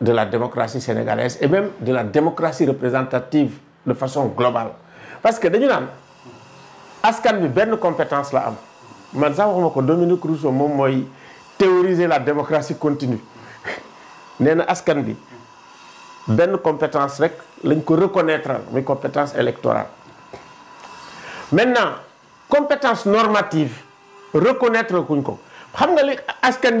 de la démocratie sénégalaise et même de la démocratie représentative de façon globale parce que dañu naan askan bi compétence la am man pas si Dominique Rousseau a théorisé théoriser la démocratie continue nee na askan bi compétence rek lañ reconnaître mes compétences électorales. maintenant compétence normative reconnaître kuñ ko xam nga li askan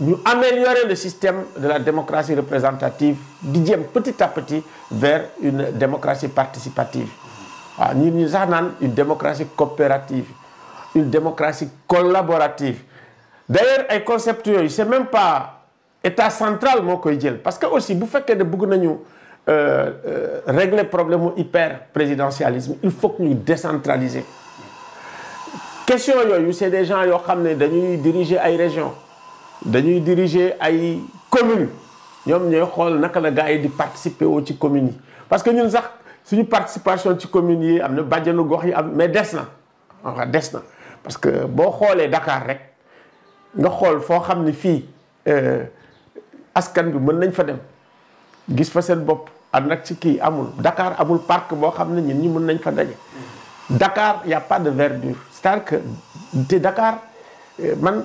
nous améliorer le système de la démocratie représentative, petit à petit vers une démocratie participative. Nous avons une démocratie coopérative, une démocratie collaborative. D'ailleurs, un concept, ce n'est même pas l'État central Parce que aussi, vous faites que de euh, régler le problème hyper-présidentialisme, il faut que nous décentraliser. Question, c'est des gens qui ont dirigé à une région dañuy diriger ay commune ñom ñoy xol naka la gaay di participer woo ci commune parce que ñun sax suñu participation ci commune yi amna na gox yi am mais dess na wax dess na parce que bo xolé Dakar rek nga xol fo xamni fi euh askan bi mën nañ fa dem gis fa seen bop ànd nak ci ki amul Dakar amul parc bo xamni ne ñun ñi mën nañ fa dajé Dakar il y a pas de verdure cest à que te Dakar euh, man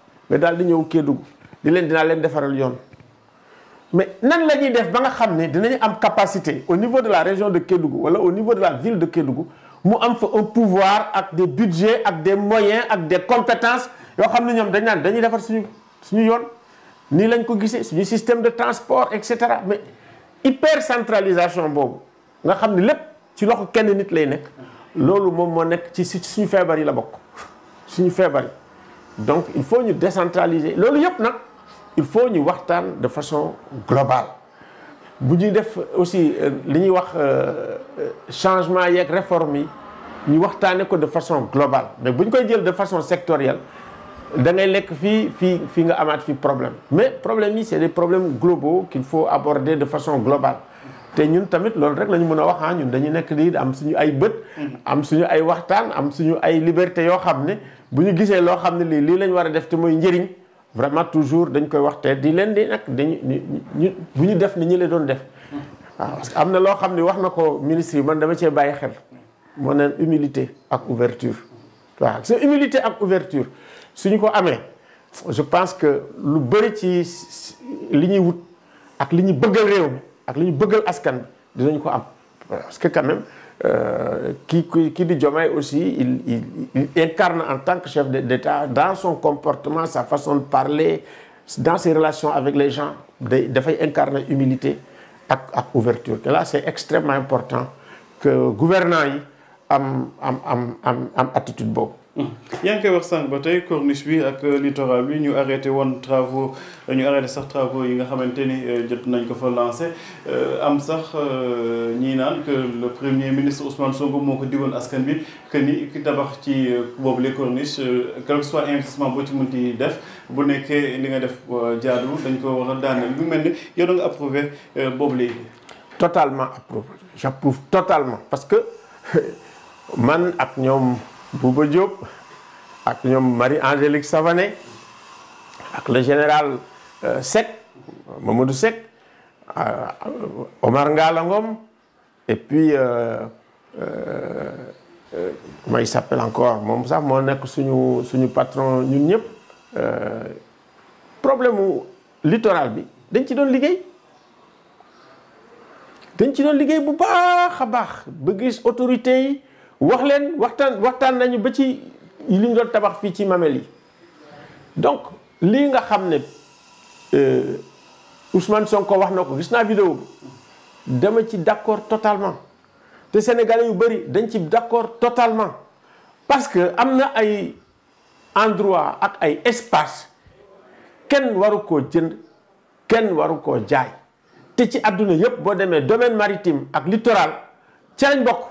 mais dans di Kédougou di leen dina leen mais nan la capacité au niveau de la région de Kédougou au niveau de la ville de Kédougou mu am un pouvoir avec des budgets avec des moyens avec des compétences Nous avons ne des dañ système de transport etc. mais hyper centralisation boobu nga xam ne ci loxo kenn nit lay nekk la donc il faut nous décentraliser Ce yëpp il faut nous voir de façon globale Si on def aussi euh, euh, euh, changement et nous nous ñu de façon globale mais si on koy de façon sectorielle da ngay lekk problèmes. nga problème mais problème c'est des problèmes globaux qu'il faut aborder de façon globale té ñun tamit loolu rek la mëna a wax ah ñun dañu nekk di am suñu ay bëtt mm-hmm. am suñu ay waxtaan am suñu ay liberté yo xamné ne bu ñu gisee loo xam ne lii lañ a def te moy njëriñ vraiment toujours dañ koy wax té di leen di nak dañu bu ñu def ni ñi la doon def. Mm-hmm. waaw parce que am na wax nako ko ministre man dama ci baye xel. mo né humilité ak ouverture wa c'est humilité ak ouverture suñu ko amé je pense que lu bari ci li wut ak li ñuy bëggal réew mi ak liñu bëggal askan dinañ ko am parce que quand même qui euh, qui aussi il, incarne en tant que chef d'État dans son comportement sa façon de parler dans ses relations avec les gens des fait incarner humilité ak ouverture que là c'est extrêmement important que gouvernants yi am attitude bonne yaa ngi koy wax sànq ba tey corniche bi ak littoral bi ñu arrêté woon travaux ñu arrêté sax travaux yi nga xamante ni euh, jot nañ ko fa lancé euh, am sax euh, ñii naan que le premier ministre Ousmane Sonko moo ko digoon askan bi que ni ki tabax ci boobu les corniches quel que soit investissement boo ci munti def bu nekkee li nga def jaaduwul dañ ko war a daaneel bu mel ni yow da nga approuvé boobu léegi. totalement approuvé j'approuve totalement parce que man ak ñoom. Bouba Diop ak Marie-Angélique Savané ak le général euh, Sec, Mamadou Seck euh, Omar Nga et puis euh, comment il s'appelle encore mon sax mo nek suñu suñu patron ñun euh, problème littoral bi dañ ci doon liggéey dañ ci doon liggéey bu baax a baax ba gis autorités wax leen waxtaan waxtaan nañu ba ci li tabax fii ci mamel yi donc lii nga xam ne euh, Ousmane Sonko wax na ko gis naa vidéo bi dama ci d'accord totalement te sénégalais yu bëri dañ ci d'accord totalement parce que am na ay endroit ak ay espace kenn waru koo jënd kenn waru koo jaay te ci àdduna yépp boo demee domaine maritime ak littoral ci bokk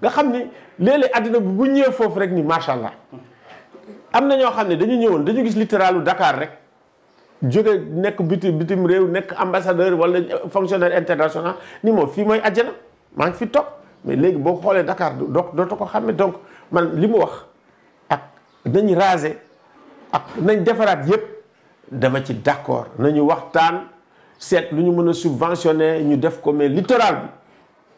nga xam ni léeg-léeg àddina bi bu ñëwee foofu rek ni macha allah am na ñoo xam ne dañu ñëwoon dañu gis littéralu dakaar rek jóge nekk bitim bitim réew nekk ambassadeur wala fonctionnaire international ni moom fii mooy àjjana maa ngi fi toog mais léegi boo xoolee Dakar doo dootoo ko xàmme donc man li mu wax ak nañ raser ak nañ defaraat yépp dama ci d'accord nañu waxtaan seet lu ñu mën a subventionné ñu def ko mais littoral bi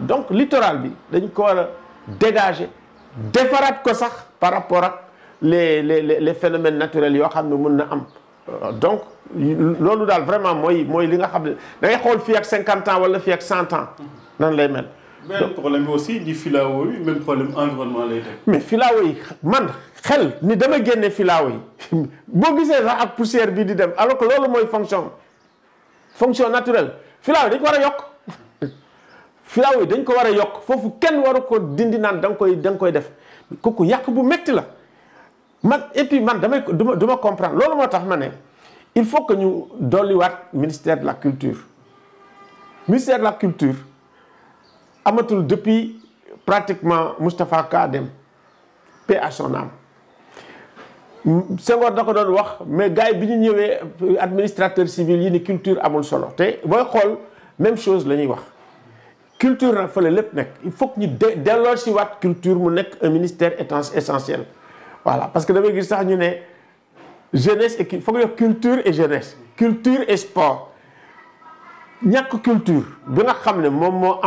donc littoral bi dañ ko dégager defaraat ko sax par rapport à les les les phénomènes naturels yoo xam ne euh, donc c'est vraiment moi moi li nga xam ne da ngay ans ou 100 ak 100 ans nan lay mel. beneen problème aussi di filao yi même problème environnement lay mais filao yi man xel ni dama génne filao yi boo gisee sax ak poussière bi di dem alors que c'est une fonction fonction naturelle filao yi dañ ko a filaaw yi dañ ko wara yok fofu kenn waru ko dindi naan da koy dang koy def kooku yak bu metti la man et puis man damay duma comprendre loolu motax mané il faut que ñu doli wat ministère de la culture ministère de la culture amatul depuis pratiquement Moustapha Kadem dem paix à son âme Senghor da ko doon wax mais gars yi bi ñu ñëwee administrateur civil yi ni culture amul solo té boy xol même chose la ñuy wax culture nag fële lépp il faut que ñu de delloo culture mu nek un ministère essentiel voilà parce que damay ça, sax ñu ne jeunesse et faut que culture et jeunesse culture et sport Il culture a nga culture. ne moom